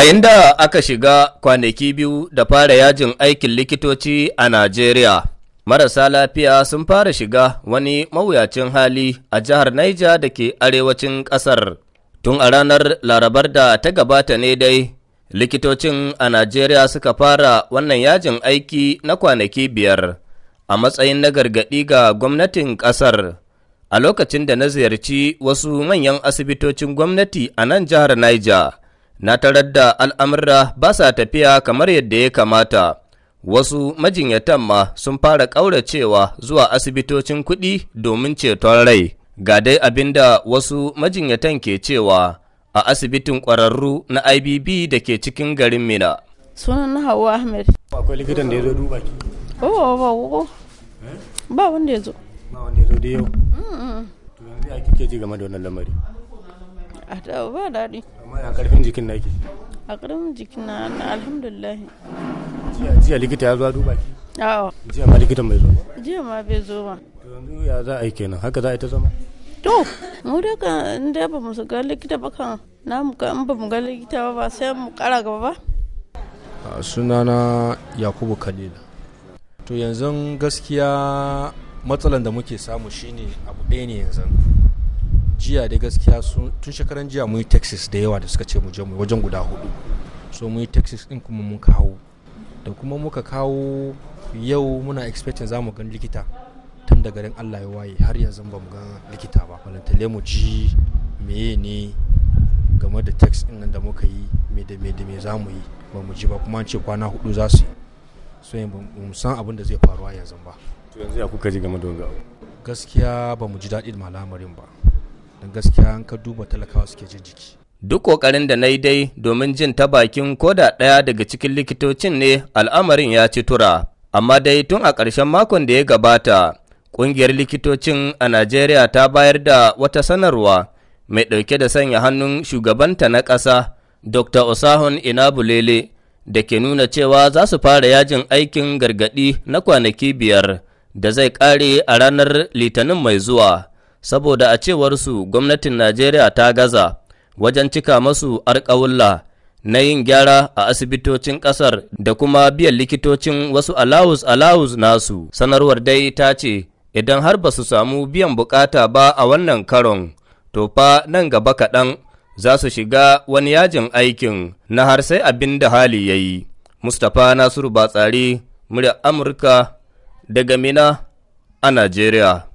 Yayin da aka shiga kwanaki biyu da fara yajin aikin likitoci a Najeriya, marasa lafiya sun fara shiga wani mawuyacin hali a jihar Niger da ke arewacin ƙasar. Tun a ranar larabar da ta gabata ne dai, likitocin a Najeriya suka fara wannan yajin aiki na kwanaki biyar a matsayin na gargaɗi ga gwamnatin ƙasar. A lokacin da na ziyarci wasu manyan asibitocin gwamnati a nan jihar Niger. na tarar da al'amurra ba sa tafiya kamar yadda ya kamata. Wasu majinyatan ma sun fara ƙauracewa zuwa asibitocin kuɗi domin ceton rai. Ga dai abin da wasu majinyatan ke cewa a asibitin ƙwararru na IBB da ke cikin garin Mina. Sunan na Hauwa Ahmed. Akwai likitan da ya zo duba ki? Oh, oh, oh, oh eh? ba wanda ya zo. Ba wanda ya zo da yau. To yanzu ya kike ji game da wannan lamari? a da ba daɗi amma ya karfin jikin naki a karfin jikin na alhamdulillah jiya likita ya zo duba ki a'a jiya ma likitan bai zo ba jiya ma bai zo ba to yanzu ya za a yi kenan haka za a yi ta zama to mu da ka inda ba mu ga likita ba kan na mu ga in ba mu ga likita ba ba sai mu kara gaba ba sunana yakubu kalila to yanzu gaskiya matsalan da muke samu shine abu ɗaya ne yanzu jiya da gaskiya tun shekaran jiya mun yi texas da yawa da suka ce mu je mu wajen guda hudu so mun yi texas din kuma mun kawo da kuma muka kawo yau muna expecting za mu gan likita tun da garin allah ya waye har yanzu ba mu gan likita ba balantale mu ji meye ne game da text din nan da muka yi me da me da me za mu yi ba mu ji ba kuma an ce kwana hudu za su yi so yin mu san abin da zai faruwa yanzu ba yanzu ya kuka ji game da wanga gaskiya ba mu ji daɗin malamarin ba don gaskiya an ka duba talakawa suke jin jiki duk kokarin da na yi dai domin jin ta bakin koda ɗaya daga cikin likitocin ne al'amarin ya ci tura amma dai tun a ƙarshen makon da ya gabata ƙungiyar likitocin a najeriya ta bayar da wata sanarwa mai ɗauke da sanya hannun shugabanta na ƙasa dr osahun inabulele da ke nuna cewa za su fara yajin aikin gargaɗi na kwanaki biyar da zai ƙare a ranar litinin mai zuwa saboda a cewarsu gwamnatin Najeriya ta gaza wajen cika masu arkawulla na yin gyara a asibitocin ƙasar da kuma biyan likitocin wasu alawus-alawus nasu. Sanarwar dai ta ce, idan har ba su samu biyan bukata ba a wannan karon, to fa nan gaba kaɗan za su shiga wani yajin aikin na har sai abin da hali ya yi. Mustapha Nasiru Batsari, murya Amurka, daga Mina a Najeriya.